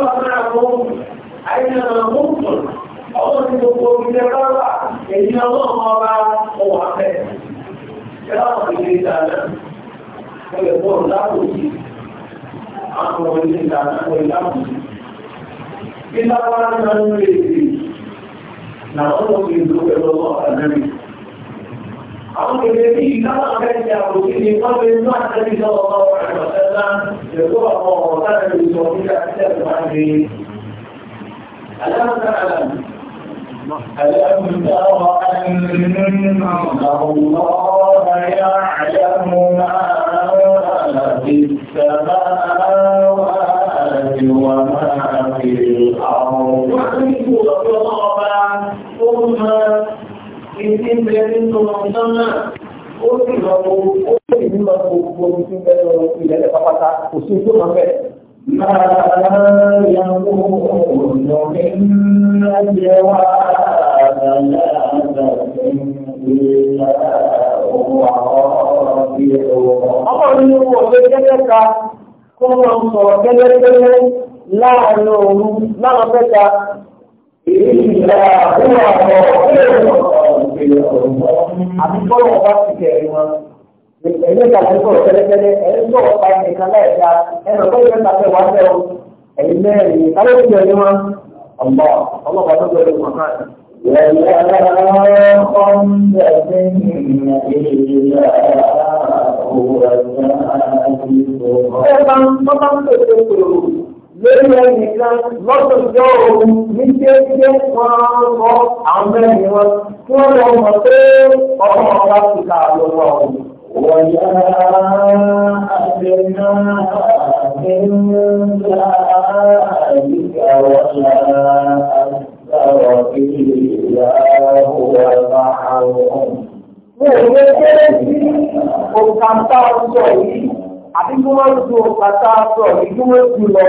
هو معكم أينما كنتم أوصي بكم بالتقوى إن الله هو خير كلام الإنسان ويقول لا تجيب أمر الإنسان ولا تجيب إلا قال من يريد نعوذ بالله الله النبي حرم النبي كما كان يقول من قبل النبي صلى الله عليه وسلم يقول الله وسلم يسوي أكثر من ألم تعلم ألم تر أن الله يعلم ما في السماوات وما في الأرض وعلمه رضي الله ثم ìdí ń bẹ nínú ọjọ́ náà ó sì lọ wo ó sì ní lọ wo gbogbo tí ń bẹ lọ ìlẹ́lẹ̀ pápátá kò sí tó máa bẹ̀. Láàárín àwọn ọ̀nà mi ń jẹ́ wá àgbàlá àgbàlá ìlà òun àwọn ọ̀rọ̀ nínú ọ̀gbẹ́ gẹ́gẹ́ta kó wọ́n sọ̀rọ̀ gẹ́gẹ́gẹ́gẹ́ láàárín òun láwọn mẹ́ta èyí ìlà òun àwọn ìgbọ́ àbí bọ́lọ̀ ọba ti kẹ̀rí wọn. Ẹ̀yin ìgbà láti sọ̀rọ̀ tẹ́lẹ̀tẹ́lẹ̀ ẹ̀yin sọ̀rọ̀ pa ẹnìkan láìka ẹnì ọ̀pẹ́ ìfẹ́ ta fẹ́ wá fẹ́ o. Ẹ̀yin mẹ́rin kálọ́ ti kẹ̀rí wọn. Ọ̀gbọ́ ọlọ́pàá tó gbẹ̀rẹ̀ wọn náà. Ẹ̀yin ọ̀rọ̀ ọ̀rọ̀ lórí ẹnìkan lọ́sọ̀tọ̀ òun ní kéèké wọn lọ àwọn mẹ́rin wọn kí wọ́n lọ mọ̀ pé ọmọ ọba ti kà lọ́wọ́ ọ̀hún. Wọ̀nyá àdéhùn àdéhùn àyíká wọ̀nyá àtàwọ̀ kìí ìyàwó ọba àwọn. Mo ò lè kéré sí òǹkà tá a sọ yìí àbí kí wọ́n ju òǹkà tá a sọ yìí kí wọ́n jù lọ.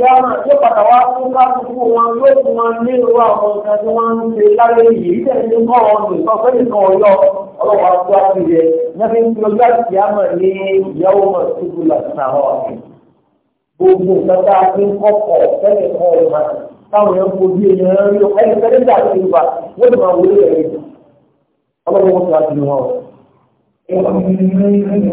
ya yóò padà wá fún káàkiri wọn yóò fún wọn ní irú ya nǹkan ń ṣe láyé yìí tẹ̀lé kọ́ nìkan ọ̀yọ́ ọlọ́wọ́ àti rẹ̀ tí ọjọ́ ní ìyàwó mọ̀ ọ̀hún. gbogbo a ń kọ́kọ̀ tẹ́lẹ̀ kọ́ táwọn yẹn ènìyàn rí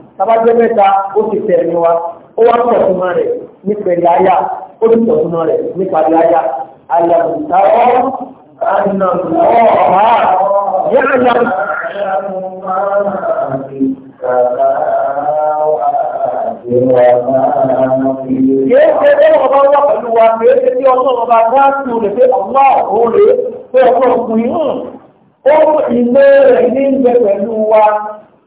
tabajẹ́ mẹ́ta ó ti tẹ̀ ẹ̀mí wa ó wá pọ̀ súnmọ́ rẹ̀ nípẹ̀lẹ̀ àyà ó ti pọ̀ súnmọ́ rẹ̀ nípàdé àyà àyàmùtá ọ́ ànàmùtá yáàyà. Kìí ṣe pé ọba wà pẹ̀lú wa kìí ṣe tí ọlọ́run ọba dá sí olè pé ọ̀la òun rèé pé ọlọ́run kùn yín hàn. Ó ìlé rẹ̀ ní ìgbẹ́ pẹ̀lú wa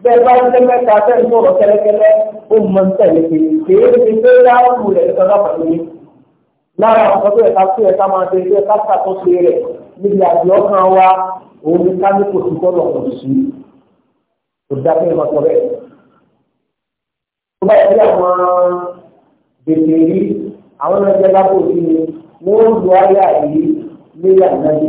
bẹ́ẹ̀ bá ń tẹ́lẹ̀ ká fẹ́ sọ̀rọ̀ kẹ́lẹ́kẹ́lẹ́ ó mọ tẹ̀lé kiri kéré ti fẹ́ yá òkú rẹ̀ nìkan náà pàtó ní. lára àwọn ọmọdé ẹ̀ka tó ẹ̀ka máa ṣe ẹgbẹ́ ká ṣàkóso rẹ̀ níbi àjọ kan wa òun ní ká ní kò sí kọ́ lọ́kọ̀ sí i kò dákẹ́ ẹ̀ lọ́kọ̀ rẹ̀. tó bá yẹ àwọn bèbè rí àwọn ẹgbẹ́ lápò sí ni wọ́n lu ayé àyè lé àyè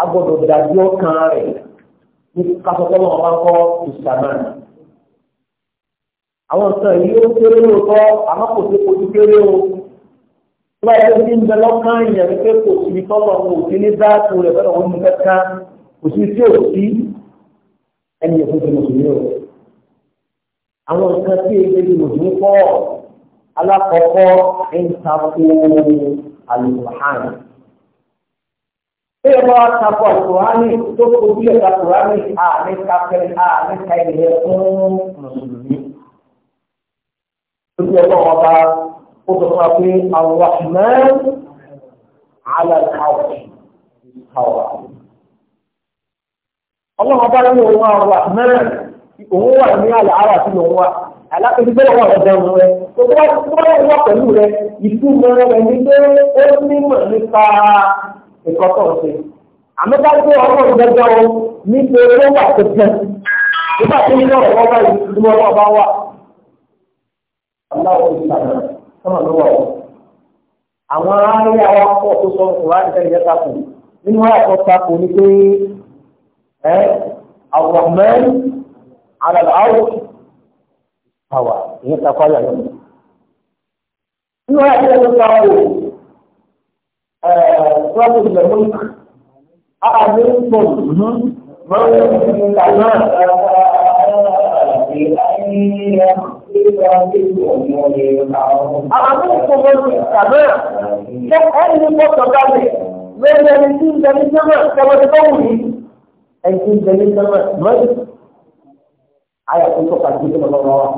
a gbọ́dọ̀ dàbí ọkàn rẹ̀ ní kásọ̀tọ́lọ́ ọba kọ́ ìsàmán. àwọn nǹkan yìí ó kéré lóòótọ́ àmọ́ kò sí kojú kéré o tó bá yẹ kó ní bẹ lọ́kàn yẹn pé kò sí tọ́lọ̀ kò sí ní dáàtú rẹ̀ bẹ́ẹ̀ wọ́n mú kẹ́kẹ́ kò sí tí ò sí ẹni yẹn fún ti mùsùlùmí o. àwọn nǹkan tí èyí ti mùsùlùmí pọ̀ alákọ̀ọ́kọ́ ń takò alùpùpù Bẹ́ẹ̀ bá wá takọ̀ àkùránì tó kojú ẹ̀ka àkùránì àmì kápẹ́ àmì káyẹ̀ fún mùsùlùmí. Lójú ẹ̀kọ́ wọn bá ó sọ fún wa pé àwọn àṣìmẹ́ alàkàwọ̀ kàwà. Ọlọ́run bá nínú ní òun wà. Àlákòjú nǹkan tó ń ṣe. àmì ká gbé ọmọ ìgbẹ́jọ́ o ní ṣe owó wà tuntun nígbà tí nínú ọ̀rọ̀ wọn báyìí ní wọn náà bá wà. aláwọ̀ ìgbà náà sọ́nà ló wà wọ́n. àwọn aráàlú àwọn akọ́ tó sọ ìwádìí sẹ́yìn yẹn takò nínú àkọ́ takò ni pé ẹ àwòrán alàlà áwò àwà ìyẹn takò ayọ̀ nínú àkọ́ tó takò sọ́ọ̀tù lẹ́mú àmì pọ̀ mọ́rẹ́ ìgbà náà. Àwọn akẹ́kọ̀ọ́ mọ́rẹ́ ìgbà náà ṣe ẹni ní pọ̀tọ̀ gáàlì lórí ẹni tí ń jẹni sẹ́mọ̀ sẹ́mọ̀tì tó wù yìí. Ẹni tí ń jẹni sẹ́mọ̀ mọ́rẹ́ ayà tó tọ́ka jù lọ́wọ́.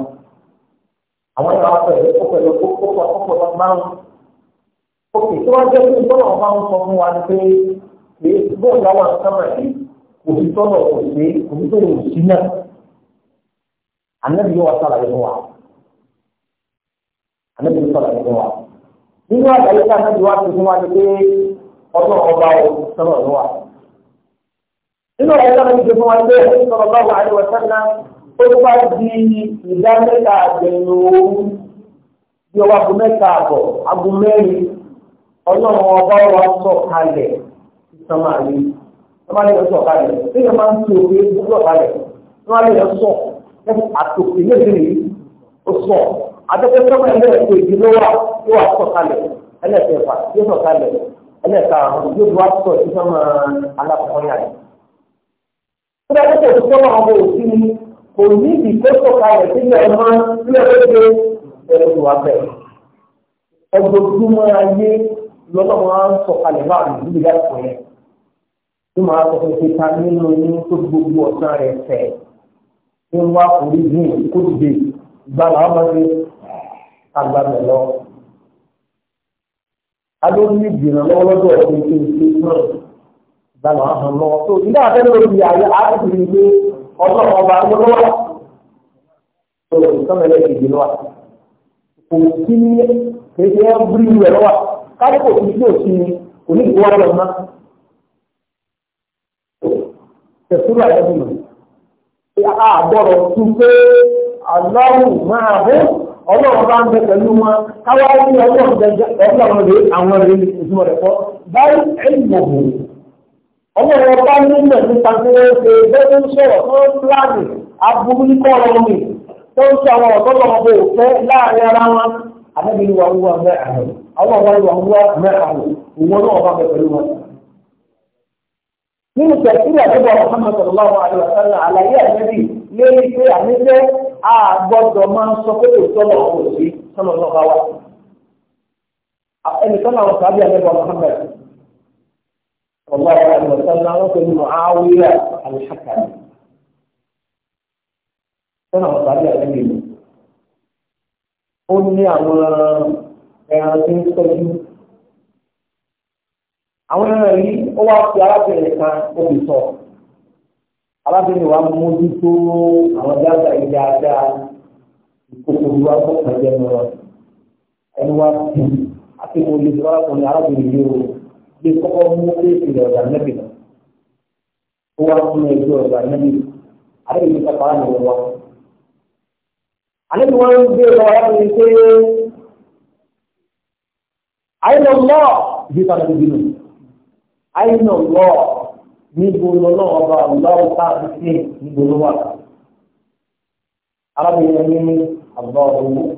Àwọn ìwà pẹ̀lú kó pẹ̀lú kó pọ̀ kó pọ̀ máa ń òkè tí wọ́n jẹ́ pé ìtọ́nà ọba ń sọ fún wa ni pé èyí bọ́ọ̀lù láwọn sábà yìí kò sí tọ́nà kò sí kò sí tọ́nà kò náà ànábì yóò wá sàlàyé fún wa ànábì yóò sàlàyé fún wa nínú àgbáyé tí ànábì wá sí fún wa ni pé ọdún ọba ò sọ̀rọ̀ ló nínú àgbáyé tí ànábì fún wa ni pé ẹni sọ̀rọ̀ báwo àríwá sẹ́nà ó bá di ìdá mẹ́ta àgbẹ̀yìn òun bí ọwọ́ agun àbọ̀ agun ọlọ́run ọba wa sọ̀ kalẹ̀ sọmọ àlè sọmọ àlè lọ sọ̀ kalẹ̀ tí yẹn máa ń fi òkè gbúdọ̀ kalẹ̀ sọmọ àlè lọ sọ̀ lẹ́kùn àtòkè méjì nìyí ó sọ̀ àtẹ́kẹ́ sọmọ ẹlẹ́ẹ̀kọ́ èdè ló wà tó wà sọ̀ kalẹ̀ ẹlẹ́ẹ̀kẹfà yóò sọ̀ kalẹ̀ ẹlẹ́ẹ̀ka yóò wá sọ̀ sí sọmọ alákọ̀ọ́yà rẹ̀. tó bá yẹ kó sọmọ ọmọ òsì ni kò ní ìkóso kalẹ̀ sílẹ̀ ọmọ sílẹ̀ ó lọ́nà wọn á sọ kalẹ̀ bá àlùkò níbi láìpọ̀ yẹn tó máa sọ pé pé ta nínú ní tó gbogbo ọ̀sán rẹ̀ fẹ̀ ní wá orí làwọn máa ṣe àgbàdo lọ. alóòní ìgbìmọ̀ ọ̀sẹ̀ tó ń ṣe làwọn hàn tó àtẹ́lẹ́ àti ìgbé ọba lọ́wọ́ wa káyọ̀ kò sí sí òsì ni kò ní ìwọ́ ọ̀rọ̀ mọ́. tẹ̀síwò àyẹ̀wò mọ̀ àgbọ̀rọ̀ tún pé àlọ́run máa bó ọlọ́run bá ń bẹ pẹ̀lú wọn káwá ní ọlọ́run rèé àwọn rèé ìtumọ̀ rẹ̀ pọ̀ báyìí ẹ̀yìn òbò ọlọ́run ọba nílẹ̀ nípa tí wọ́n ṣe bẹ́ẹ̀ ń sọ̀rọ̀ tó ń pláàdì aburú ní kọ́ ọ̀rọ̀ mi tó ń sọ àwọn ọ̀tọ́ lọ́wọ́ bó fẹ́ láàrin ara wọn anábìlú wa wúwa mẹ́ àhùn àwọn àwọn ìwà wúwa mẹ́ àhùn ìwọ náà wà bẹ pẹ̀lú wọn. nínú tẹ̀sílẹ̀ àdébọ̀ Muhammad sallallahu alaihi wa sallam àlàyé ànábì lérí pé àníṣe àgbọ̀dọ̀ máa ń sọ pé kò sọ́nà ọ̀hún òsì sọ́nà ọ̀nà wa. ẹnìkan náà wọ́n sábẹ́ àdébọ̀ Muhammad sallallahu alaihi wa sallam wọ́n pẹ̀lú Muawiya al-Hakam sọ́nà ọ̀nà sábẹ́ àdébọ̀ ó ní àwọn ẹran tí ń tọ́jú. Àwọn ẹran yìí ó wá fi arábìnrin kan obì sọ. Arábìnrin wa mójútó àwọn dáadáa yìí dáadáa ìkókò ìwà fọ́kàn jẹ́ mọ́. Ẹni wá sí àti mo lè sọ arákùnrin arábìnrin yìí o lè kọ́kọ́ mú éèkì rẹ̀ ọ̀dà nẹ́bì náà. Ó wá fún ẹgbẹ́ ọ̀dà nẹ́bì. Àdébìnrin kápá ni wọ́n wá. عليك وين بيضا وين يسير عين الله جيت على الدينون عين الله نقول الله وضع الله تعالى فيه نقول الله عرب ان الله هو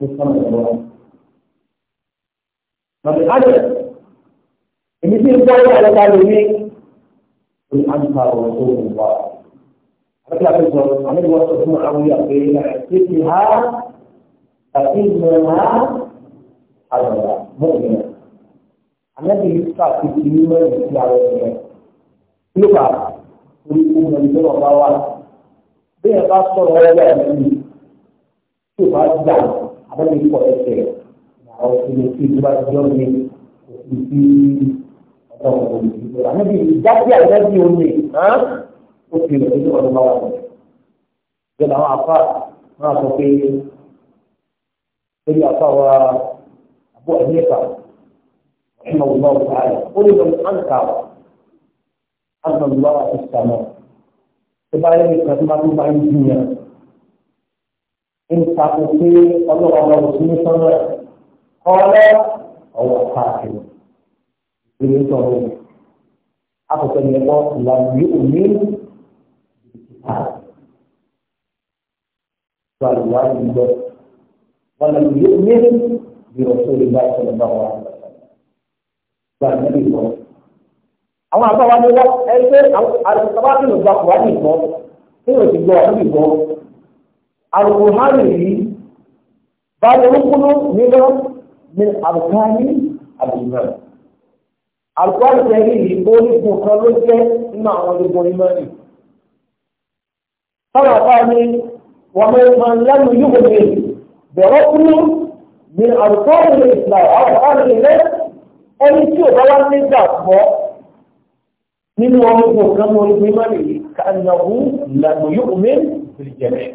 بسم الله Nabi Adam, ini sih boleh ada kalimat Tuhan Tahu Tuhan Tahu. فكلا تجرب عن الوصف معاوية بين حسبها فإنها حرمة مؤمنة النبي يسعى في الدين ويسعى على يقع ويقوم بالدين وضعوا بين قصر ولا يمين شوف هذا الدعم هذا اللي يقوى الشيء في جبال الجرمي وفي في النبي يدعي على النبي يقول لي ها òfin rẹ̀ lójú ọdún bá wà lọ. Ìjọba àwọn àfa máa sọ pé lórí àfa wa àbúrò ẹ̀mí ẹ̀fà ẹ̀mọ̀ wùlọ́ ọ̀gá rẹ̀ ó lè lọ àǹkà àǹkà wùlọ́ ìsàmọ̀. Ṣé bá yẹ kí ọdún bá tún bá ń jiyàn? Ń takò pé ọlọ́wọ́ ọlọ́wọ́ sí ní sọ́nà kọ́lẹ́ ọ̀wọ́ káàkiri. Ìgbìmọ̀ sọ̀rọ̀ àkọ́kọ́ ni ẹ̀kọ́ ìlànà yóò mí فالوالد الجبر ولم يؤمن برسول الله صلى الله عليه وسلم فالنبي الله àwọn àbáwá ni wọ́n ẹgbẹ́ àtàbátì ló gba kùránì gbọ́ tí yóò ti gbọ́ àbúrò gbọ́ àrùkù hánì yìí bá lè rúkúnú nínú ní àrùkáyé àbùmá àrùkáyé yìí ó ní kùkan ló jẹ́ nínú àwọn ológun ìmọ̀ táwọn àpá ni wọ́n mọ̀ ẹ̀ma lẹ́nu yóò gbé bẹ̀rẹ̀ fún mi àrùkọ́ ìlú islam àwọn àpá ni ilé ẹni tí ò bá wá ní ìgbà pọ̀ nínú ọmọ ìgbò kan mọ ìgbò ìmọ̀ nìyí kánàwó lẹ́nu yóò gbé bìrìjẹ̀rẹ̀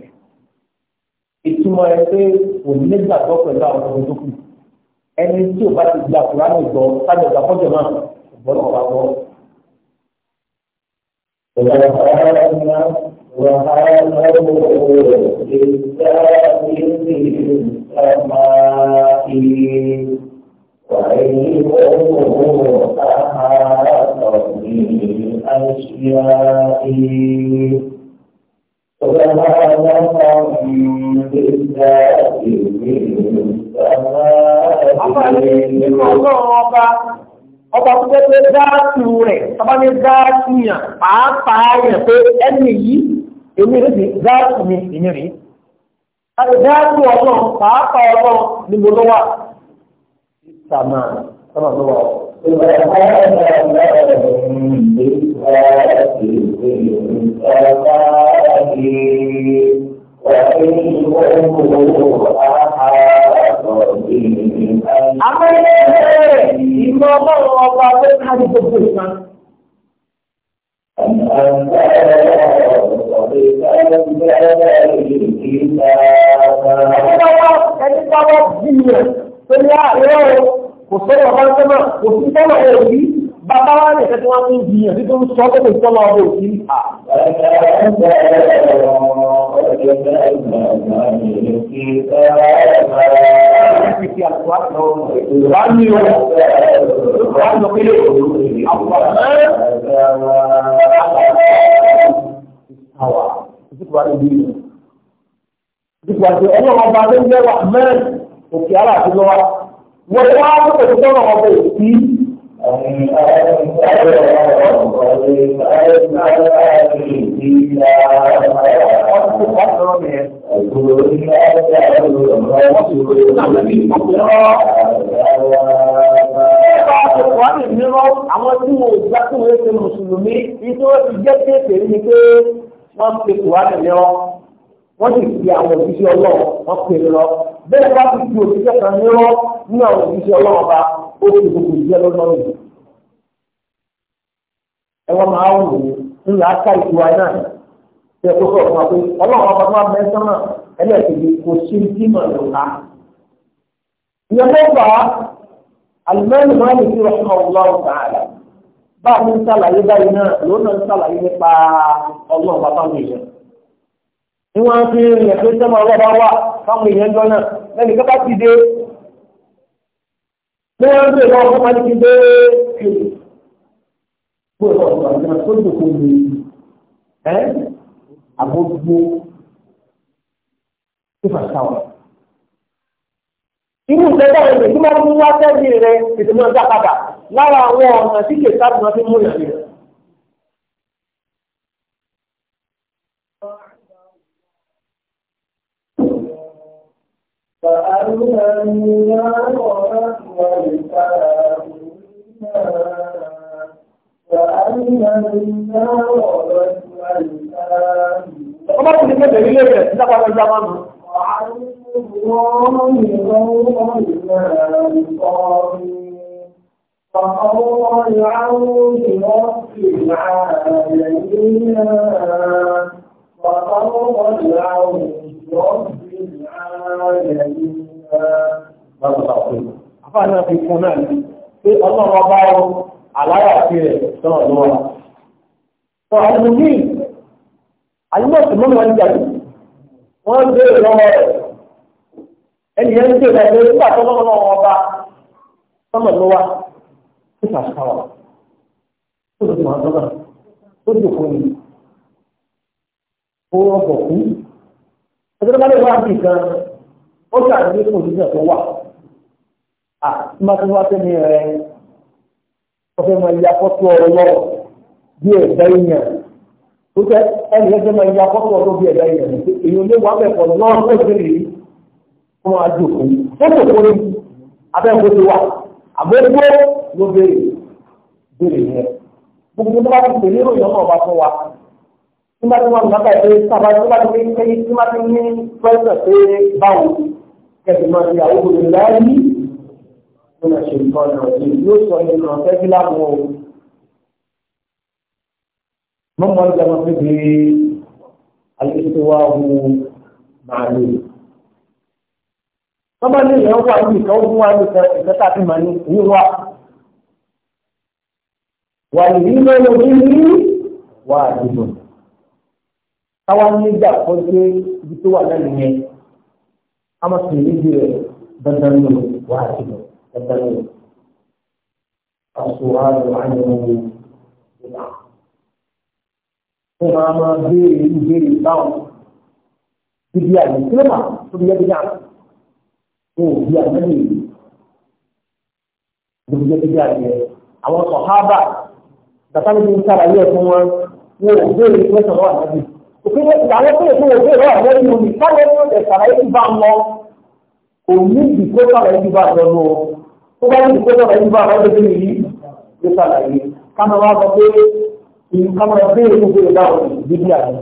ìtumọ̀ ẹ pé kò nígbàgbọ́ pẹ̀lú àwọn ọmọ tó kù ẹni tí ò bá ti gba kúránì gbọ́ sábà ìgbà fọ́jọ́ náà ìgbọ́n ọ̀bá gbọ́. وهاله للكافرين السمائي وعينه أحاط بأشيائه سبحان من بالذات السمائي ọba tó jẹ́ pé dáàtù rẹ̀ tọ́bá ní dáàtù yàn pàápàá yàn pé ẹni yìí èmi rẹ̀ sì dáàbò mi ìní rí àti dáàbò ọlọ́run pàápàá ọlọ́run ní mo ló wà sàmà sàmà ló wà ó. Àwọn ìmọ̀ ọlọ́run ọba tó ká gbogbo ìsan. Kò sọ́wọ́ bá ń sọ́mọ̀, kò sí sọ́wọ́ ẹ̀ rí, bàbá wá ní ẹ̀kẹ́ tí wọ́n ń jiyàn tí tó ń sọ pé kò sọ́wọ́ ọdọ̀ òsì à. Wà ní o, wà ní o pé lè, àwọn ọ̀rẹ́ àwà ìdíkùbá ní ìlú yìí. ìdíkùbá ti ẹni wọn bá tó ń jẹ́ wà mẹ́rin òkè ara àti lọ́wọ́ wọ́n ti wá tó tẹ̀sí tọ́nà wọn bẹ̀ sí. Àwọn tí mo gbà tó wọ́n ṣe mùsùlùmí, ìṣòro ti jẹ́ kéèké ní pé wọ́n pe kùránì lẹ́wọ́ wọ́n sì fi àwọn òṣìṣẹ́ ọlọ́run wọ́n pe lọ bẹ́ẹ̀ bá ti fi òṣìṣẹ́ kan lẹ́wọ́ ní àwọn òṣìṣẹ́ ọlọ́run bá ó fi gbogbo ìjẹ́ lọ́lọ́run yìí. ẹ wọ́n máa ń wò ó ńlá ká ìtura náà ṣe kó sọ̀rọ̀ fún wa pé ọlọ́run ọba tó wà mẹ́sán náà ẹlẹ́ẹ̀kejì kò sí tí mà ló ká. ìyẹn ló fà á alimẹ́rin máa ń bá a ti ń sàlàyé báyìí náà lòun náà ń sàlàyé nípa ọlọ́run bàbá mi yẹn. ni wọ́n fi ń rìn pé sẹ́mu ọlọ́ba wà fáwọn èèyàn jọ náà lẹ́nu kí wọ́n bá ti dé bí wọ́n ń bè lọ́wọ́ fún pálí ti dé kéde. gbọ́dọ̀ ọ̀sán àti náà tó dòkó mi ẹ́ àbójúgbó tó fà sáwọn. irú ìtẹ́tẹ́ rẹ̀ tí wọ́n mú wá sẹ́yìn rẹ̀ tètè mọ́ lára àwọn ọ̀nà tí kèé sábà máa fi mú ìyàn rẹ̀. Ọmọ kìí mẹ́bẹ̀ ilé rẹ̀ sí lápá ọjọ́ máa mú. Àwọn ọmọ ìrọ̀ ìrọ̀ ìrọ̀ ìrọ̀ فقال العون رب العالمين فقال العون رب ọlọ́run ọba ọ lọ́wọ́ ó ṣàṣàwà ó lọ sí àwọn ọ̀dọ́gbà ó dùn fún mi ó rọ̀bọ̀ kú ẹgbẹ́ bá lè wá sí nǹkan ó ṣàdédé fún òṣìṣẹ́ tó wà à má tó wá sẹ́ni rẹ ọ̀fẹ́ mọ ìyá fọ́tò ọ̀rọ̀ lọ́rọ̀ bí ẹ̀dá èèyàn tó tẹ ẹnì ẹgbẹ́ mọ ìyá fọ́tò ọ̀rọ̀ bí ẹ̀dá èèyàn èyí ò lè wá mẹ́kọ̀ọ́ lọ́rọ̀ lọ́sẹ̀ rèé kó máa dùn fún mi ó kò kó ní abẹ́ kó ti wà àgbẹ̀gbọ́ ló béèrè béèrè yẹn gbogbo tó bá ti pè ní ìròyìn ọkọ̀ ọba fún wa nígbà tí wọn gbà bá ẹ sábà tó bá ti pè ní ẹyí tí wọn ní pẹ́sẹ̀ pé báwo kẹsì máa fi àwọn obìnrin láyé o. mọ́mọ́ ìjọba fi di alẹ́ tó wá hu màálù tọ́ba ní ìyẹn wà ní ìkan ogun wa nìkan ìkan tá a fi máa ní ìyí wa. wà ní lọ́wọ́ ní ní wà àdìbò. káwa nígbà kọ́ dé ibi tó wà lẹ́nu yẹn a máa fi níbi rẹ̀ dandan nù wà àdìbò dandan nù. àṣùwà ló wà nínú ìgbà. fún wa máa béèrè ìbéèrè báwọn. bíbí àyè sílẹ̀ máa tóbi yẹ́ bí yàrá wọn ò bí àtẹ́lẹ̀ yìí gbẹgbẹgbẹ àjẹ àwọn sọ̀hábà dàtàlẹ́ ti ń sára ilé ẹ̀fọ́ wọn wọn ò béèrè pẹ́sẹ̀ lọ́wọ́ àtẹ́lẹ̀ òfin àwọn tó èso òwe rẹ̀ lẹ́yìn omi sáré ní ọ̀dẹ̀ sàlàyé ti bá ń lọ òní ìdìbò sàlàyé ti bá lọ lọ tó bá ní ìdìbò sàlàyé ti bá lọ lọ lórí yìí ló sàlàyé kámẹ́rà sọ pé ìkámẹ́rà béèrè tó béèrè dáhùn ìdíbí àná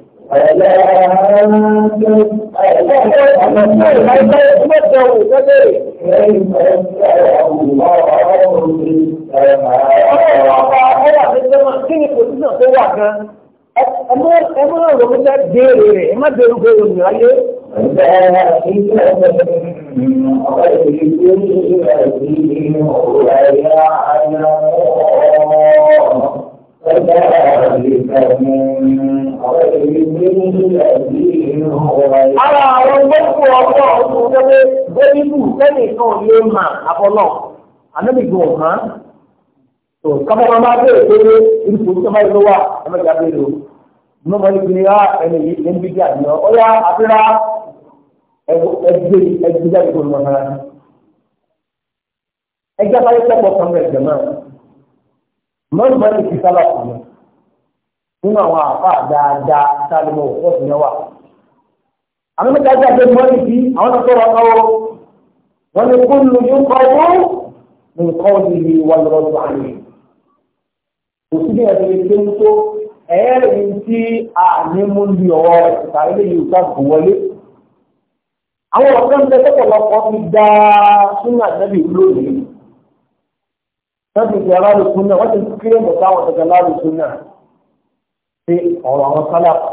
Ẹmọ́ ọ̀rọ̀ mi jẹ́ béèrè rẹ̀, ẹ má béèrè gbèrò ní ayé. Ẹgbẹ́ Ara àwọn gbogbo ọgbọ́ ọdún tẹ́lẹ̀ gbẹ́bíbù tẹ́lẹ̀ kan lè àbọ̀lọ̀. Ànábìgbò hàn. Tò kápọ̀ máa máa bẹ̀rẹ̀ pé irúfò tó máa ló wà ẹ̀mẹ́ta bẹ́ẹ̀ lò. Mo mọ̀ nípa ẹni yìí ní bí díà ní ọ. Ó yá àfírá ẹgbẹ́ ẹgbẹ́ jáde kò lọ́nà. Ẹgbẹ́ abáyé tẹ́pọ̀ kan rẹ̀ jẹ̀ náà mọ́tò bá lè fi sábà kù lọ nínú àwọn àfa dáadáa sálẹmọ òfóòfù náà wà. àwọn mẹ́ta jẹ́ àti mọ́tò bí àwọn sọ̀rọ̀ ọ̀rọ̀ wọn ni kó lu yóò kọ́ owó nǹkan ọ̀dùn yìí wà lọ́wọ́ tó àná. òsì bí ẹ̀sìn lè ṣe ń tó ẹ̀ẹ́rì tí àní mú lu ọwọ́ rẹ̀ tàbí lè yóò sáà kù wọlé. àwọn ọ̀sán ń bẹ tọ́pọ̀lọpọ̀ ti dáa sínú àtẹ́bí lónìí sábì ìgbà aráàlú súnà wọ́n ti kílè mọ̀ táwọn ọ̀dọ̀gá aráàlú súnà ṣe ọ̀rọ̀ àwọn sálàpù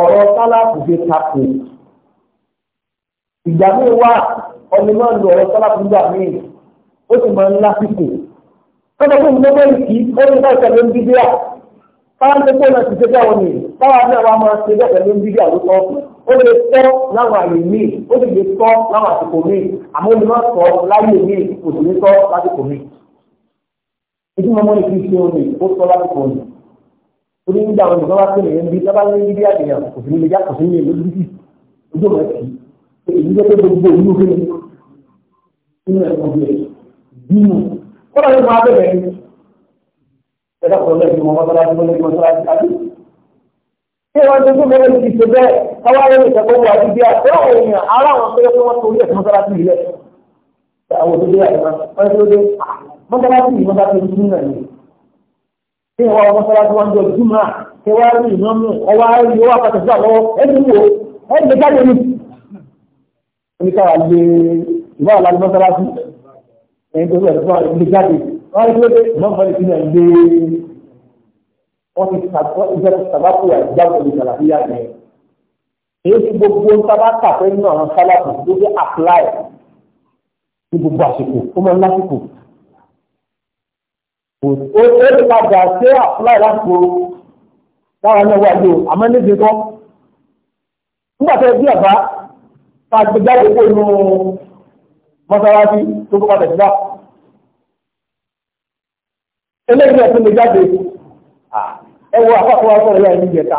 ọ̀rọ̀ sálàpù ṣe takò ìgbà míì wá ọmọ náà lu ọ̀rọ̀ sálàpù nígbà míì ó sì máa ń lásìkò kọ́ńtà fún ìgbà mẹ́rin kì í ó ní báyìí pẹ̀lú bíbíà táwọn tó kó náà ti ṣe bẹ́ẹ̀ wọn ni táwọn náà wá máa ṣe bẹ́ẹ̀ pẹ̀lú bíbíà ló tọ́ fún ó lè tọ́ láwọn àyè míì ó sì lè tọ́ láwọn àsìkò míì àmọ́ ó lè má tọ́ láyè míì kò sì lè tọ́ lásìkò míì. ìdí mo mọ́ ní kí n ṣe omi ó tọ́ lásìkò mi. torí nígbà wọn nìkan bá pè mí bí sábà ní ibi àdéhàn kò sí ní lè já kò sí ní lè lójú ojú ọ̀rẹ́ kì í èyí jẹ́ pé gbogbo òun ló gbé nínú ẹ̀kọ́ bí ẹ̀ bínú. kọ́lá ní mo abẹ́rẹ́ ni ẹ̀dá kọ̀ọ̀lẹ́ ìgbìmọ̀ mọ́tàlá káwá lórí ìṣẹ́kọ̀ọ́ wà ní bíi àti àwọn èèyàn ará àwọn tó yẹ kí wọ́n torí ẹ̀sìn mọ́sálásí ilẹ̀ àwọn òdòdó àìmọ́ wọ́n tó dé mọ́sálásí yìí mọ́sálásí yìí nínú ẹ̀ ṣé wọ́n mọ́sálásí wọn jọ júmọ́ ṣé wọ́n rí ìná mú ọwọ́ ayé wọ́n apàtẹ sí àwọn ẹni wo ẹni lè jáde ní. oníkàwá lè ìwà àlàyé mọ́sálásí ẹni tó rẹ̀ fún àwọn ìjáde wọ́n èyí tí gbogbo sábà kàfẹ́ nínú àwọn sálàkù tó fi apply ní gbogbo àsìkò ó máa ń lásìkò. ó lè padà ṣé apply lásìkò láwọn náà wà ní o àmọ́ níbi kan nígbà tó bí ọ̀bá tá a gbé jáde kó inú mọ́sálásí tó kó padà síbá. eléyìí ẹ̀ tó lè jáde ẹ wo àpapọ̀ wa sọ̀rọ̀ yá ẹ̀ níjẹta.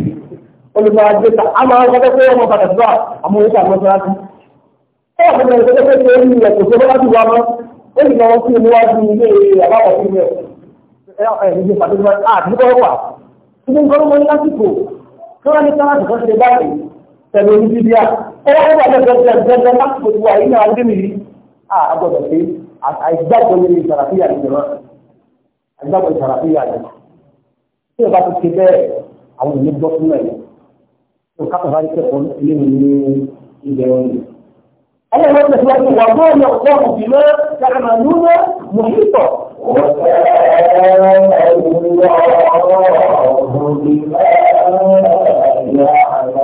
olùmọ̀ọ́dẹ́ta a máa ń sọ́kẹ́ pé ọmọ bàtà tó wà àmọ́ orí ìṣàmọ́ tó láti. ó wà fún ẹgbẹ́ pé ṣe ń yẹ kò tó lọ́wọ́ dùn wámọ́ ó sì lọ́wọ́ sí níwájú ilé àbáwọ̀ fún ilé ẹ̀ ní ìpàdé tó wà àti nípa wà. ṣùgbọ́n nǹkan mọ́ ní lásìkò tó wà ní sáláàtì kan ṣe báyìí pẹ̀lú orí bíbí à. ó wá wọ́n bàtà gẹ́gẹ́ lásìkò tó wà nínú àwọn gẹ́mì yìí. a gbọ́dọ̀ pé àìgbàgbọ́ ní ìsàràfíà ìjọba àìgbàgbọ́ ìsàràfíà ìjọba tí ó bá ti ṣe bẹ́ẹ̀ àwọn ìlú gbọ́ fún ẹ̀yìn وقطع ذلك يقول من الجوانب أنا ما تسمعت وما يقوم بما تعملون محيطا وكان الله بما يعملون محيطا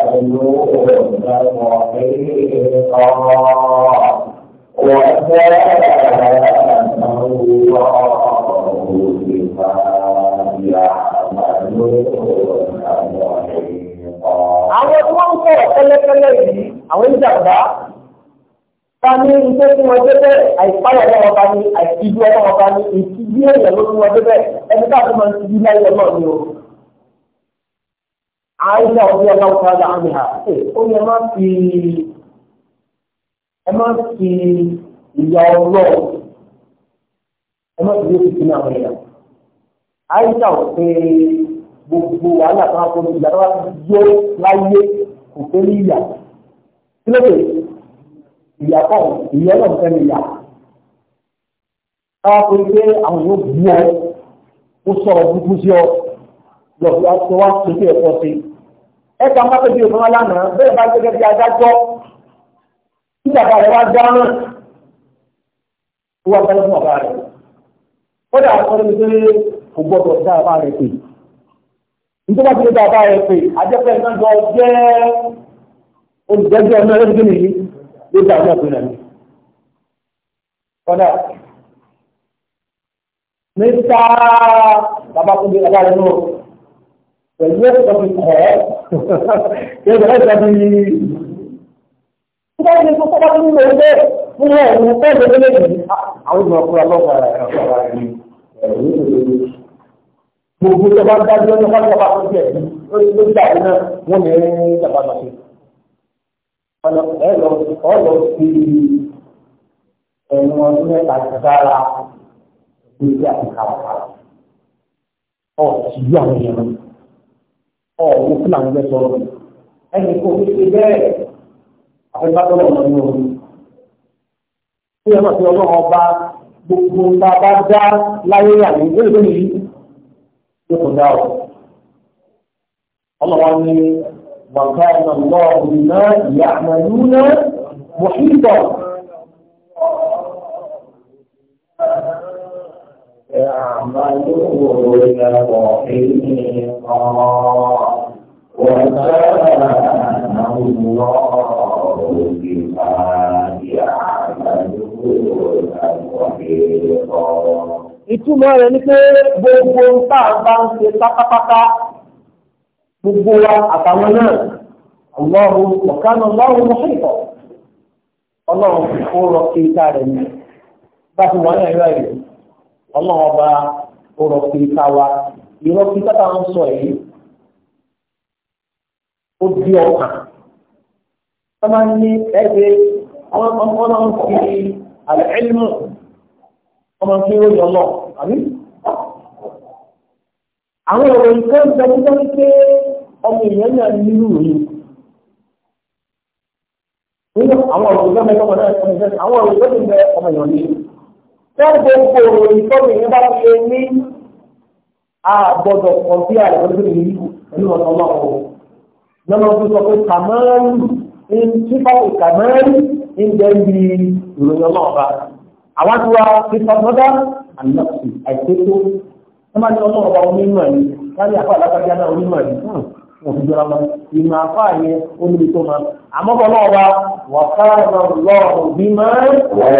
وكان الله بما يعملون àwọn tí wọ́n ń kọ̀ tẹ́lẹ̀tẹ́lẹ̀ yìí àwọn ìjàmbá ta ní iṣẹ́ tí wọ́n débẹ̀ àìpáyà lọ́wọ́ bá ní àìsíjú ọlọ́wọ́ bá ní ìsíjú èèyàn ló tún wọ́n débẹ̀ ẹni káàdì máa ń síjú láyé ọlọ́ọ̀ ni o. àìsà òbí ọlọ́wọ́ kan lá àmì hà ṣe ó ní má fi ẹ má fi ìyá ọlọ́ọ̀ ẹ má fi yóò fi sínú àwọn èèyàn. àìsà òfin gbogbo wàhálà tó wá tóbi ìyá tó wá ti yó láyé kò tó ní ìyà kí ló dé ìyá kọ́ ìyá náà fẹ́ ní ìyá káwá pé pé àwọn yóò bú ọ ó sọ̀rọ̀ burúkú sí ọ lọ́ọ̀bù aṣọ wa tó tó ẹ̀kọ́ sí ẹ ká má tóbi ìfọ́n wa lánàá bẹ́ẹ̀ bá gẹ́gẹ́ bí adájọ́ tí bàbá rẹ̀ wá dáná ó wá bá lọ́sùn bàbá rẹ̀ ó sọ́dọ̀ mi kò gbọ́dọ̀ dá bàbá rẹ̀ pè é nítorí àti lóde àbá rẹ̀ pé àjẹpẹ́ iná jọ jẹ́ olùdẹ́jọ́ ọmọ ẹlẹ́sìn kìíní yìí lóde àwọn ọ̀pẹ náà ni. kọ́dà mẹ́ta bàbá tó gbé bàbá rẹ̀ náà pẹ̀lú ẹ̀sọ́ fi kọ́ ẹ́ kí ẹ̀sọ́ ẹ̀sọ́ fi nígbà tí mo kọ́ bá tó nílò ẹgbẹ́ fún ẹ̀rù ẹ̀rù ẹ̀rù ẹ̀rù àwọn ìgbìmọ̀ fúra lọ́kọ̀ọ́ gbogbo tó bá ń dájú ọjọ́ wọn lọ́ba tó jẹ̀ lórí dàbí náà wọ́n ní ìjàmbá lọ sí. ọ̀nà ẹ lọ ọ lọ sí ẹnu ọdún mẹ́ta ìdára lórí àtìká wàhálà. ọ̀ sì yí àwọn èèyàn ọ̀ wo fún àwọn ẹgbẹ́ sọ̀rọ̀ ẹnì kò ní ṣe bẹ́ẹ̀ àfẹ́bátọ́ ọ̀nà ní orí. bí ẹ máa ọlọ́run ọba gbogbo الله يعني وكان الله بما يعملون محيطا يعملون محيطا وكان الله بما يعملون محيطا ìtumọ̀ rẹ̀ ni pé gbogbo tá a bá ń ṣe pátápátá gbogbo wa àtàwọn náà ọlọ́run ọ̀kan ọlọ́run mọ̀ṣẹ́kọ̀ ọlọ́run kò rọ kéka rẹ̀ ni bá a ti wọ́n yẹn rẹ̀ ọlọ́run ọba kò rọ kéka wa ìrọ̀ kéka tá ń sọ yìí ó di ọkàn wọ́n máa ń ní ẹgbẹ́ wọ́n máa ń àlẹ́ ẹ̀lmù ọmọ tí ó yọ lọ àbí. àwọn ìròyìn kan ń sọ fún pé ọmọ èèyàn náà nílùú yìí nínú àwọn òṣìṣẹ́ mi lọ́mọ náà ọmọ ìṣẹ́ àwọn òṣìṣẹ́ mi bẹ ọmọ èèyàn ní. wọ́n gbogbo òròyìn tó mi yẹn bá ṣe ní àgbọ̀dọ̀ kan sí àrẹ wọn lórí ìlú pẹ̀lú ọ̀nà ọlọ́run. lọ́nà tó sọ pé kàmáàlú ń tífà kàmáàlú ń jẹ́ bí ìròyìn ọlọ́ọ̀bá. àwa ti wá fífọ́ mọ́tà ànọ́ọ̀sì àìsètò wọ́n máa ní ọmọ ọba onímọ̀ ni wọ́n ní àfa àlágbájá náà onímọ̀ ni wọ́n fi jọra wọn ìmọ̀ àfa yẹn onímọ̀ tó máa àmọ́ ya náà wá wà ká lọ́ọ̀rọ̀ bí máa ń wọ̀ ẹ́ Wọ́n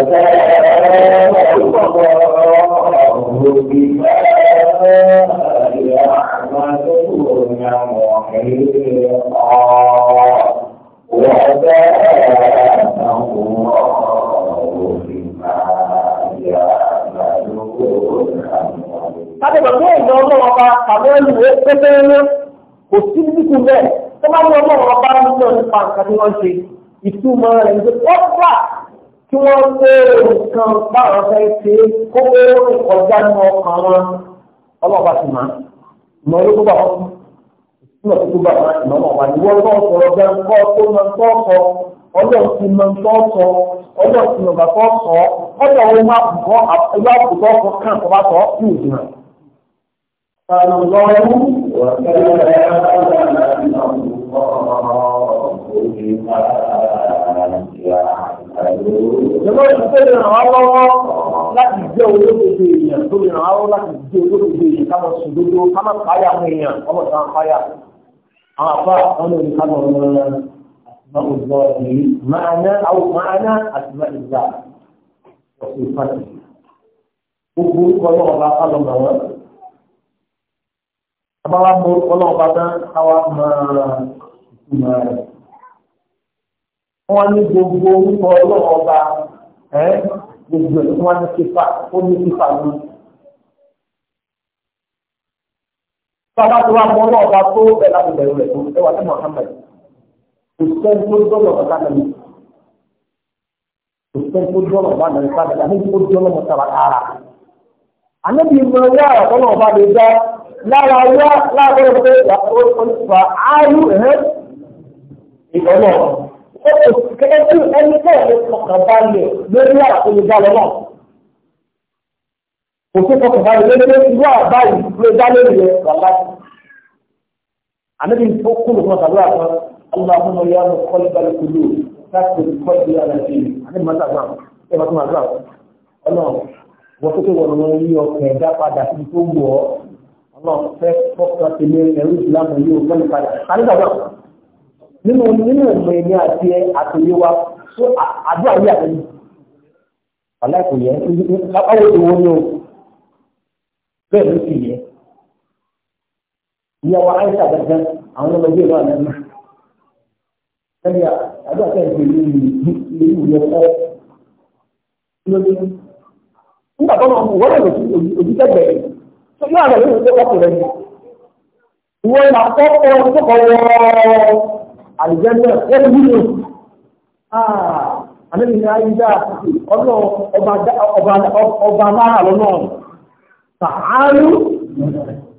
bẹ́ẹ̀ náà wọ́n. kájọba tó ìlú ọlọ́wọ́ bá tàbí ẹlú rẹ pẹ́pẹ́ rẹ kò sí níkù bẹ́ẹ̀ tó bá ní ọlọ́wọ́ bá ń lọ nípa nǹkan tí wọ́n ṣe ìtumọ̀ rẹ̀ ń pẹ́ ọ́pà kí wọ́n pé nǹkan báwọn fẹ́ ṣe kó pé ọjà ní ọkàn wọn ọlọ́wọ́ ti máa mọ̀ ló gbà wọ́n nígbà tó gbà wọ́n ìmọ̀ wọn wà ní wọ́n tó sọ̀rọ̀ gan kọ́ tó máa ń tọ́ sọ ọjọ́ ti máa ń tọ́ sọ ọjọ́ ti máa ń tọ́ sọ ọjọ́ wọn máa bùkọ́ ìlú àbùkọ́ kan tó bá sọ ọ́ sí ìdìrán. Ìjọba ìṣẹ́ lè láti jẹ́ olóògbé èèyàn tó lè ràn wá láti jẹ́ olóògbé èèyàn ká lọ sùn lójó ká èèyàn ọmọ ìta páyà. Àwọn afá àwọn olórí ká lọ rọ àtìmá òjò yìí máa ná àwọn máa ná àtìmá ìgbà ọ̀sẹ̀ ìfàtì. Gbogbo orúkọ náà ọba ká lọ mọ̀ àbáwá mú ọlọ́ọ̀bá tán káwá máa ìtumọ̀ rẹ̀. Wọ́n ní gbogbo orúkọ ọlọ́ọ̀bá ẹ́ gbogbo ẹ̀ wọ́n ní kífà ó ní kífà ní. Bàbá tí wàá mú ọlọ́ọ̀bá tó bẹ̀ láti bẹ̀rù rẹ̀ tó ẹwà sí Mọ̀hámẹ́d. Kò sẹ́ni tó dọ́lọ̀ bàtà nàmi. Kò sẹ́ni tó dọ́lọ̀ bàtà nàmi sábẹ̀ àmì tó dọ́lọ̀ mọ̀tàbà kára. Àná lára wá láàrin pé wà áyú ẹ̀ ìgbọ́nà kẹ́kẹ́ tí ẹni bẹ́ẹ̀ ní ọkànbalẹ̀ lórí àkójọbalẹ̀ náà kò sí ọkànbalẹ̀ lórí irú àbáyé ló dá lórí rẹ̀ bàbá àmì tó kúrò fún ọ̀sàdúrà kan aláàmúnà yà ló kọ́ ìbálẹ̀ kúlù láti kọ́ ìbílẹ̀ àlàjì àmì màtà náà ẹ bá tún àdúrà ọlọ́run wọ́n tó kéwọ́n ló ń yí ọkàn ẹ̀dá padà sí tó wù ọ́ Allah fẹ́ fọ́kàn sí ní ẹ̀rú ìsìlámù yóò gbọ́n ìpadà kálíkà náà nínú nínú ìmọ̀ èmi àti ẹ àtòyé wa tó àdúrà yà lẹ́nu aláìkò yẹ bẹ́ẹ̀ ló sì yẹ ìyàwó àìsà dandan àwọn ọmọdé náà lẹ́nu ẹni ìlú ìlú yẹ kọ́ nígbà tó wọ́n lè lọ sí tó yóò rẹ̀ lórí tó kọ́kù rẹ̀ ìwọ ìmọ̀ àkọ́kọ́ tó kọ́ wọ àlùjẹ́ńdẹ̀ wọ́n ti wúlò àmì ní ayíjá ọ̀nà ọba náà lọ́nà sàárù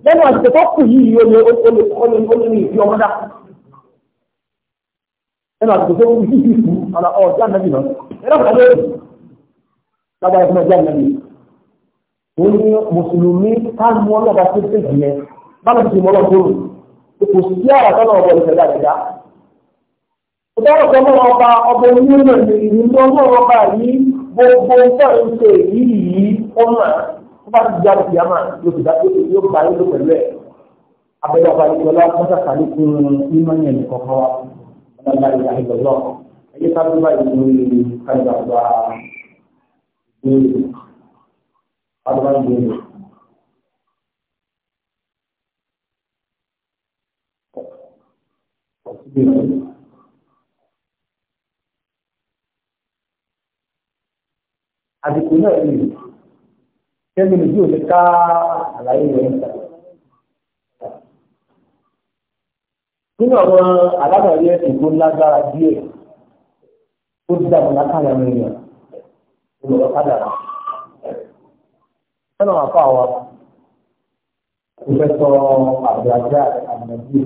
lẹ́nu àti tó kù yìí olè olè ìfi ọmọdá lẹ́nu àti tó kù yìí ìfú ọ̀dá nàbì náà ẹ̀rọ kàdé lábàá ẹ̀fọn ọjà nàbì wọ́n ní mùsùlùmí táàmù ọlọ́ba tó tẹ̀ jù yẹn báwo ti mọ́ lọ́gbọ́n rò kò sí àrà tọ́lọ̀ ọ̀bọ̀ ìṣẹ̀lẹ̀ àdìdá. ìdáwọ̀ tọ́lọ̀ ọba ọba onímọ̀ ní ìlú ọlọ́run ọba yìí gbogbo nǹkan ń ṣe èyí yìí ọmọ tó bá ti di àti àmà yóò fi dájú yóò bá yóò pẹ̀lú ẹ̀. abẹ́rẹ́ ọba ìjọba mọ́tà kàlí fún mímọ́ yẹn nìkọ̀kọ́ adúláwọ̀ ìlú. Àdìkú náà lè kẹ́mi ní bí òní ká àlàyé rẹ̀ ń ta. Nínú àwọn alábàárí ẹ̀sìn tó lágbára díẹ̀ tó dàbọ̀ lákàlà mẹ́rin, olùrọ̀ padà rà sọ́nà àpá wa pòfẹ́sọ̀ àbúrájá àmọ́jú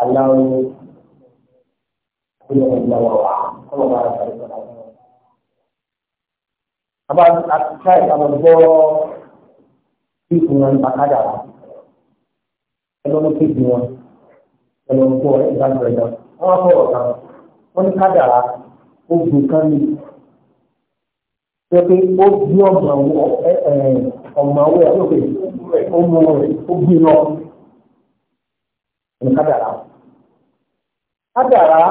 aláwọ̀ ìpínlẹ̀ ìlàwọ̀ wa kọ́lọ̀ máa ń sàrẹ́sọ̀ láwọn àbá àtúnṣe àwọn gbọ́ bí ìpínlẹ̀ ń bàkádà wa ẹlọ́nà kéjì wọn ẹlọ́nà kọ́ ẹ̀ ìdájọ́ ẹ̀dá wọn á fọ̀rọ̀ kan wọn ní kádàrá ó gbé kan ní pé ó bí ọmọ ọmọ ọwọ́ ẹ̀ lókè ó mú rẹ̀ ó bí lọ ní kádàrá. Kádàrá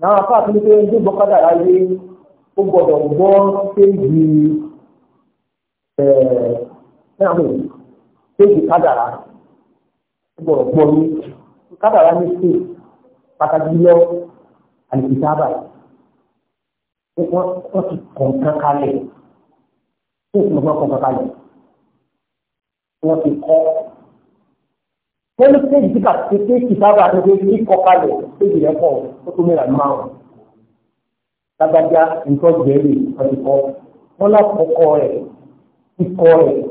náà afá àti pé ń dìbò kádàrá yé ó gbọdọ̀ gbọ́ séèjì séèjì kádàrá ó gbọdọ̀ gbọ́ ní kádàrá ní sí pàtàkì lọ àlùkìtà báyìí wọ́n ti kọ̀ọ̀kan kalẹ̀ tí o gbọ́ kọ̀ọ̀kan kalẹ̀ wọ́n ti kọ́ tẹ́lifíṣẹ́ yìí kíkà pé kìtàbà tó dé ní kọ́kalẹ̀ éjì rẹ̀ pọ̀ ó tó mẹ́ra márùn-ún lágbájá nǹkan gbẹ̀rẹ̀ wọ́n ti kọ́ wọ́n lákòókò rẹ̀ kíkọ́ rẹ̀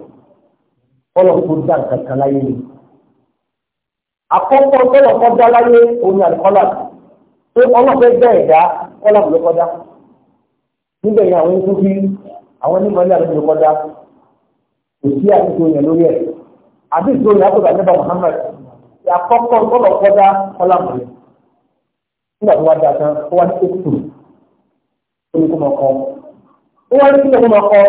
kọ́lọ̀ tó dá nǹkan kan láyé ni àkọ́kọ́ tọ́lọ̀ kọ́ dá láyé òun ni àlùkọ́lá pé ọlọ́fẹ́ bẹ́ẹ̀ dá kọ́lá kò ló kọ́ dá níbẹ̀ yẹn àwọn ikú bí àwọn onímọ̀ ilé àlejò kọjá kò sí àtúntò yẹn lórí ẹ̀ àbí ìṣòro yẹn àtọ̀dọ̀ àjẹbà Muhammad àkọ́kọ́ gbọ́dọ̀ kọjá kọ́lá mọ̀lẹ́ nígbà tó wá dáa tán ó wá ní ètò olùkọ́mọkọ́ ó wá ní olùkọ́mọkọ́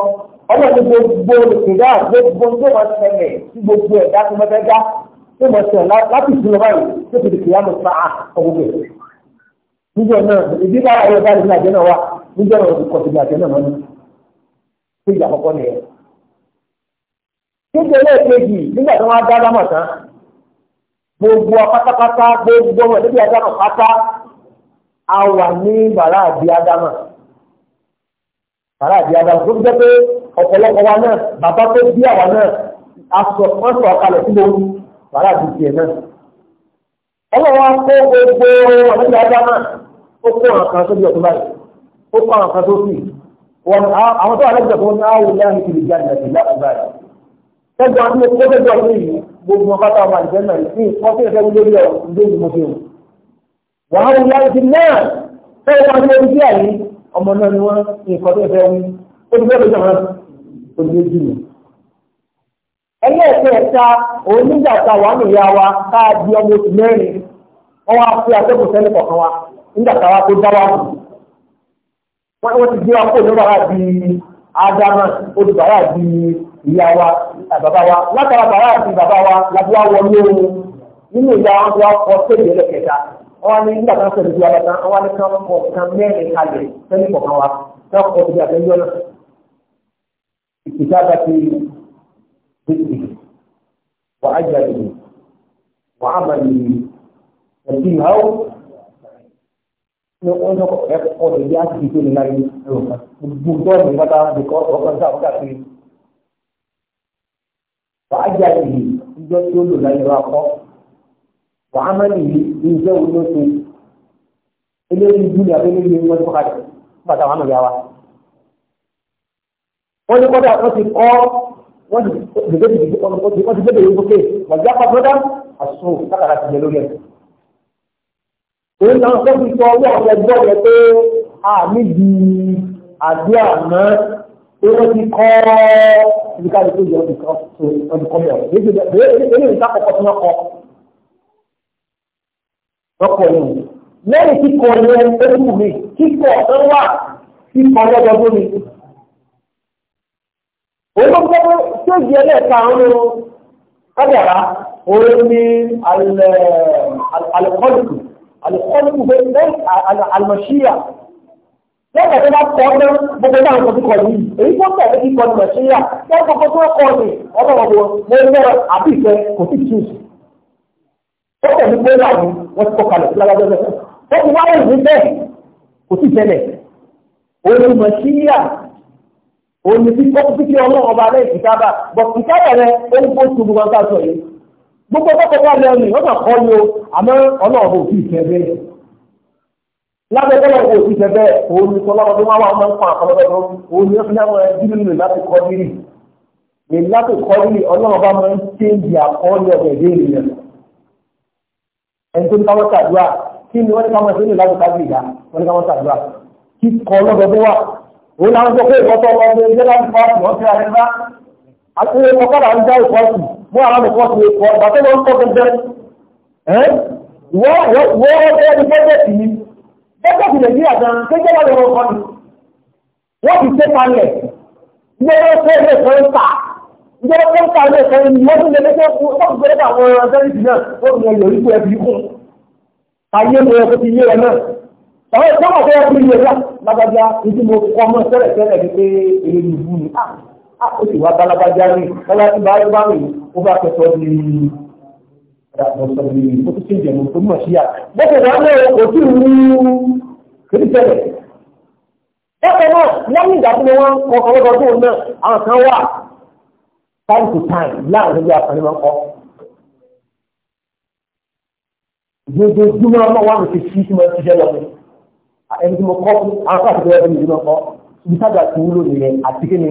ọmọ ní gbogbo olùkìdá gbogbo tó máa ṣẹlẹ̀ sí gbogbo ẹ̀dá tó máa fẹ́ tó máa ṣẹlẹ̀ láti ìṣúná báyìí tó fi dìkìyà mọ̀ sáà ọgbọ̀gbẹ̀ níjọ́ náà ti kọ̀sìgbà àti náà mọ́ni tó ìgbà àkọ́kọ́ nìyẹn. Kéde lẹ́ẹ̀kejì nígbà tí wọ́n á dá dámọ̀ tán gbogbo pátápátá gbogbo ọmọ ìdíbi adámọ̀ pátá a wà ní bàrá àbí adámọ̀ bàrá àbí adámọ̀ tó jẹ́ pé ọ̀pọ̀lọpọ̀ wa náà bàbá tó bí àwa náà aṣọ wọn sọ ọ̀kalẹ̀ sí lóru bàrá àbí tiẹ̀ náà. ọlọ́wọ́ kó gbogbo ọmọ ìdíbi adámọ̀ ó kó ọ̀ràn kan sóbi ọ̀tún báyìí. ó pààrọ̀ kan tó sì wọn àwọn tó na lẹ́gbẹ̀ẹ́ ní àwọn jáde ní gbogbo wọn bàtà ọmọ àjẹ́ náà ní wọ́n sì ndị lórí ọ̀ lórí mo fi hù wọ́n àwọn olóyè ti náà tẹ́gbọ́n wọn lórí sí àyè ọmọ náà ni wọ́n nǹkan tó wí ó wọ́n ti gbé akó ní bàbá di adama olùbàbà di ìyá wa bàbá wa látara bàbá àti bàbá wa làbúwá wọlé o nínú ìyá wọn wá kọ sóde ẹlẹ́kẹta wọn ní nígbà tó ń sọ̀rọ̀ ìdíwájú kan wọn ní kan kọ kan mẹ́rin kalẹ̀ kọ̀ọ̀kan wa náà ní wọn yọ ẹ̀kọ́ ìdí àti tó nílá yìí gbogbo ọmọ ìgbàta nìkan ọkàn sáà ọkàn kiri wàá jẹ àyè ìjọ tí ó lò láyé wa kọ wàá má nìyí ìjọ wo ló ṣe eléyìí ju ní abẹ́lé yìí wọ́n ti fọ́ka dẹ̀ nígbà táwọn àmọ̀ yà wa. wọ́n ní kọ́dà wọ́n ti kọ́ wọ́n ti gbẹ̀gbẹ̀ wọ́n ti gbẹ̀gbẹ̀ yìí sókè wọ́n ti jápa gbọ́dá àṣùwò látara ti jẹ lórí ẹ̀ òun náà tó fi sọ ọwọ́ ọ̀rẹ́ gbọ́dọ̀ pé àmì di àdúrà náà pé wọ́n ti kọ́ ìdíkàdé tó yẹ ọdún kan tó ọdún kan bẹ̀rẹ̀ èyí èyí ìta kọ̀kọ́ tí wọ́n kọ́ lọ́kọ̀ yìí lẹ́yìn kíkọ yẹn ẹkú mi kíkọ ọ̀sán wà kíkọ lọ́dọọdún mi. òun ló gbọ́ pé ṣéèjì ẹlẹ́ẹ̀ka àwọn ọ̀dàrà òun ní alẹ́ alẹ́kọ́lùkù àlùkọ́lù bẹ́ẹ̀ àlùmọ̀ṣíyà lẹ́gbẹ̀ẹ́ tó bá kọ́ ọ́ gbogbo náà kò ti kọ̀ yìí èyí tó tẹ̀lé kí kọ́ àlùmọ̀ṣíyà lẹ́gbẹ̀ẹ́ tó tó kọ́ ni ọlọ́wọ́ mo ń lọ àbí ìfẹ́ kò sí tù tó tẹ̀lé pé láàbù wọ́n ti kọ́ kalẹ̀ sí lágbájọ́ lẹ́sẹ̀ tó ti wáyé ìlú bẹ́ẹ̀ kò sí tẹ̀lẹ̀ olùmọ̀ṣíyà olùsí kọ́kùsí kí ọlọ́wọ́ ọba lẹ́yìn ìjábà bọ̀ ìjábà rẹ̀ ó ń kó tu gbogbo gbogbo ọkọ̀ bá lọ ní ọ̀nà kọ́ yo àmọ́ ọlọ́ọ̀bù òfin ìfẹ́ bẹ́ẹ̀. lábẹ́gbẹ́ ọ̀bù òfin ìfẹ́ bẹ́ẹ̀ òun ni sọlọ́wọ́ tó máa wà máa ń pa àkọlọ́gbọ́dọ́ òun ni ó fi láwọn ẹbí nínú láti kọ́ nírì. èyí láti kọ́ nírì ọlọ́run bá máa ń téèjì àkọọ́lẹ̀ ọ̀bẹ̀ dé ènìyàn. ẹni tó ní káwọn ṣàdúrà kí ni wọ́n ní káwọn ṣe ní láti ká gbìyà wọ́n ní káwọn ṣàdúrà kí kọ́ lọ́dọọdún wà. òun làwọn sọ pé ìkọ́tọ̀ ọmọ ọdún ìjọba ń pa ọ̀sùn ọ̀sẹ̀ mọ́ ara mi kọ́ sí ikọ̀ ọba tó lọ ń kọ́ gẹ́gẹ́ wọ́n bẹ́ẹ̀ ni bọ́jẹ̀tì ni bọ́jẹ̀tì nàìjíríà gan kéjọ́ wà lọ́wọ́ kọ́ ni wọ́n ti ṣe palẹ̀ ìjọba tó ilé ẹ̀kọ́ ń tà ìjọba tó ń tà ilé ẹ̀kọ́ ni wọ́n tún lè lé tó kú gbẹ́rẹ́ àwọn ọ̀rẹ́sẹ́rìsì náà ó fi ẹ̀yọ̀ ikú ẹ̀ fi kún ayé mi ẹ̀ fi yé ẹ̀ náà àwọn ìjọba tó yẹ kí ilé ẹ̀ Ah, ó sì wá balabajá ní ọlá tí bá bá rìn ó bá kẹsọ ní ọ̀sọ̀rọ̀ ní ó tún ṣe ìjẹ̀mú tó mọ̀ sí à. bọ́sẹ̀ wà ní òtí ìlú kìrìtẹ̀lẹ̀. bọ́sẹ̀ náà lẹ́yìn ìgbà tí wọ́n kọ ọlọ́dọọdún náà àwọn kan wà time to time láàrin bí àkànní máa ń kọ́. Jojoojúmọ́ ọmọ wa ló ti fi sí máa ń ṣiṣẹ́ lọ ní. Ẹni tí mo kọ́ fún àwọn káàkiri ọdún ìlú náà kọ́. Ibi sábà ti wúlò nìyẹn àti kí ni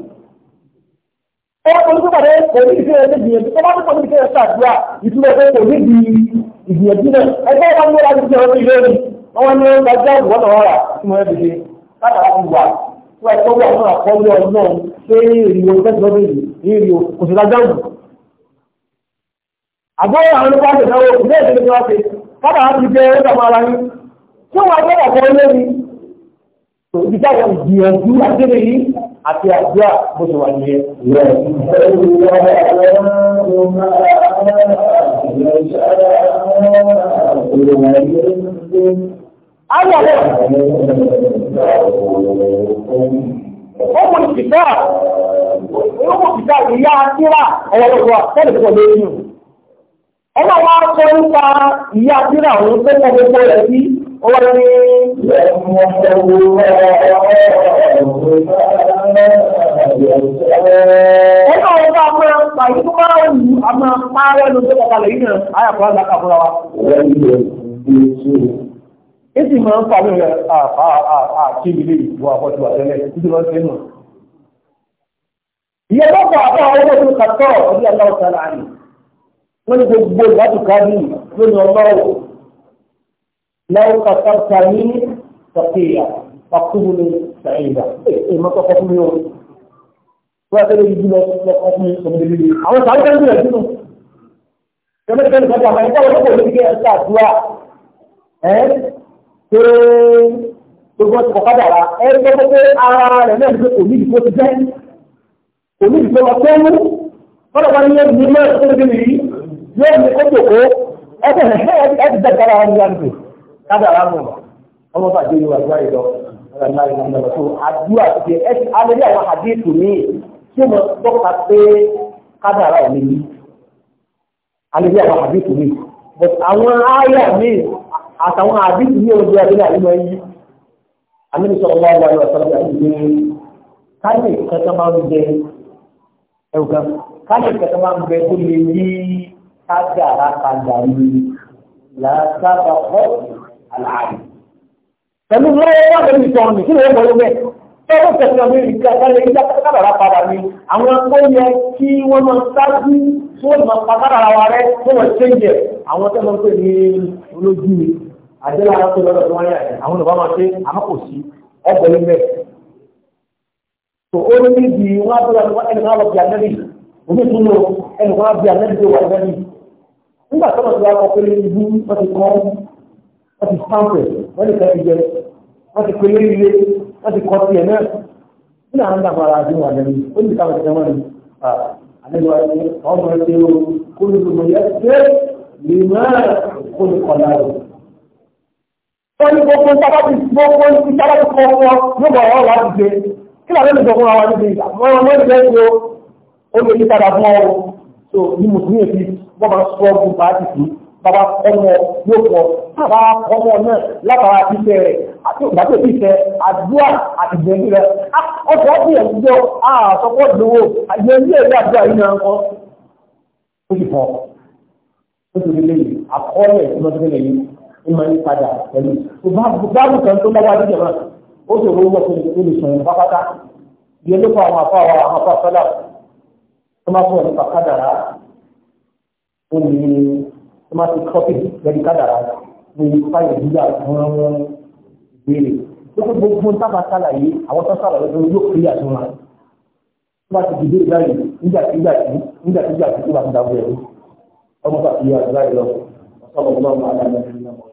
ọkùnrin tó pàdé kò ní ìfẹ́ ẹgbẹ́ ìgbìyànjú tó bá tó pàdé ìfẹ́ ẹgbẹ́ àdúrà ìtumọ̀ pé kò di ìgbìyànjú náà ẹgbẹ́ ní ọdún ilé ní tí mo tó wà fún ní kò sí àti àdúrà bó ṣe wà nìyẹn. Ayọ̀ rẹ̀. Ó mú ìkìtà, ó mú ìkìtà ìyá Tíra ọ̀wọ̀lọ́wọ́ tẹ́lẹ̀ púpọ̀ lórí yìí. Ọlọ́wọ́ á sọ nípa ìyá Tíra òun tó kọ́ gbogbo rẹ̀ sí ó wá ní. Èsì máa ń rẹ̀ ilé ìwọ àtẹ́lẹ̀ títí lọ sí ọwọ́ tó aláwọ̀ sára Wọ́n gbogbo ìwádìí káàdì lónìí لو كسرتني سقيا فاكتبني سعيدا ايه ما تفهم يوم وأتلو يجيب لقطني سمدلي أنا سعيد كان يجينا كما كان فتح ما يقول لك هو يجي أستاذ دعاء إيه تقول تقدر إيه تقول أنا لما أقول أمي تقول تجاهل أمي تقول أقوم فلا بني يوم ما يقول لي يوم يقول لك أنا هذا أجدد على هذا kádàrá mọ̀ ọmọ bàjẹ́ yóò wà lọ àdúrà ti di ẹsẹ̀ alẹ́lẹ́ àwọn àdéhùn mi tí mo tọ́ka pé kádàrá ò ní alẹ́lẹ́ àwọn àdéhùn mi but àwọn àyà mi àtàwọn àdéhùn mi ò jẹ́ abẹ́lẹ́ àyè máa yí àmì sọ̀rọ̀ wà wà lọ sọ̀rọ̀ àti ìgbé káyọ̀ ìkẹta máa ń bẹ ẹ̀wùká káyọ̀ ìkẹta máa ń bẹ kó lè yí kádàrá kádàrá lásábà ọ̀pọ̀ àlàáfíà. pẹ̀lú lọ́wọ́ wọn lórí ìtọ́run nìkí ló wọlé bẹ́ẹ̀ tọ́wọ́ tẹ̀sán mi rí kẹ́kẹ́lẹ́ ìjà kátàrà padà ni àwọn tó yẹ kí wọ́n máa sáájú tí wọ́n máa pàtàkàrà wa rẹ̀ tó wọ́n ṣe ń jẹ àwọn tó máa ń pè ní olójú àjẹlá ara tó lọ́dọ̀ tó wáyà rẹ̀ àwọn olùbámọ̀ ṣe àmọ́ sí ọgbọ̀n ilé tó ó ní bí wọ́n á tó lọ́dọ̀ kan lọ bí anẹ́bí òbí tún lọ ẹnì kan bí anẹ́bí tó wà wọ́n ti stamp rẹ̀ wọ́n lè kẹ́kẹ́ jẹ wọ́n ti pèlè ilé wọ́n ti kọ́ sí ẹ̀ náà kí ni àwọn ń dàgbà ara àdéhùn àdéhùn ó ní káwọn ìṣẹ́ ni àdéhùn àdéhùn ọmọ ẹgbẹ́ o kó ló lò yẹ ṣé lè má kó lè kọ̀ láàrọ̀. wọ́n ní gbogbo sábàbí gbogbo ní sábàbí kọ́ fún ọ yóò bọ̀ ọ́ láti gbé kí làwọn ènìyàn fún wa níbi àwọn ọmọ ìgbẹ́ ìgbò ó lè yí padà fún ní bàbá ọmọ yóò pọ̀ bàbá ọmọ náà látara ìfẹ́ rẹ̀ àti ìgbàgbọ́ ìfẹ́ àdúrà àti ìgbẹ̀mí rẹ̀ ọkọ̀ ọ̀pọ̀ yẹn jọ àtọ́kọ̀ ìdòwò àyẹ̀ ilé ẹ̀rí àdúrà yìí náà kọ́ ó sì pọ̀ ó sì rí lẹ́yìn àkọọ́lẹ̀ tí wọ́n ti rẹ̀ yìí ń máa ń padà pẹ̀lú báàbù kan tó lágbá dídẹ̀ náà ó sì rówó wọ́n tó lè sọ̀rọ̀ pápátá ìyẹn ló fọ àwọn afọ àwọn afọ àfọlá tó máa fọ tó máa ti kọ́pì lẹ́nu kádàrá ní fáyọ̀ nígbà wọn béèrè lókè gbogbo Awak tak salah, àwọn tó sálàyé semua. yóò kiri àtúnwá tó tidak tidak tidak tidak nígbà tí nígbà tí nígbà tí nígbà tí tó bá ti dàgbò ẹ̀rú ọmọ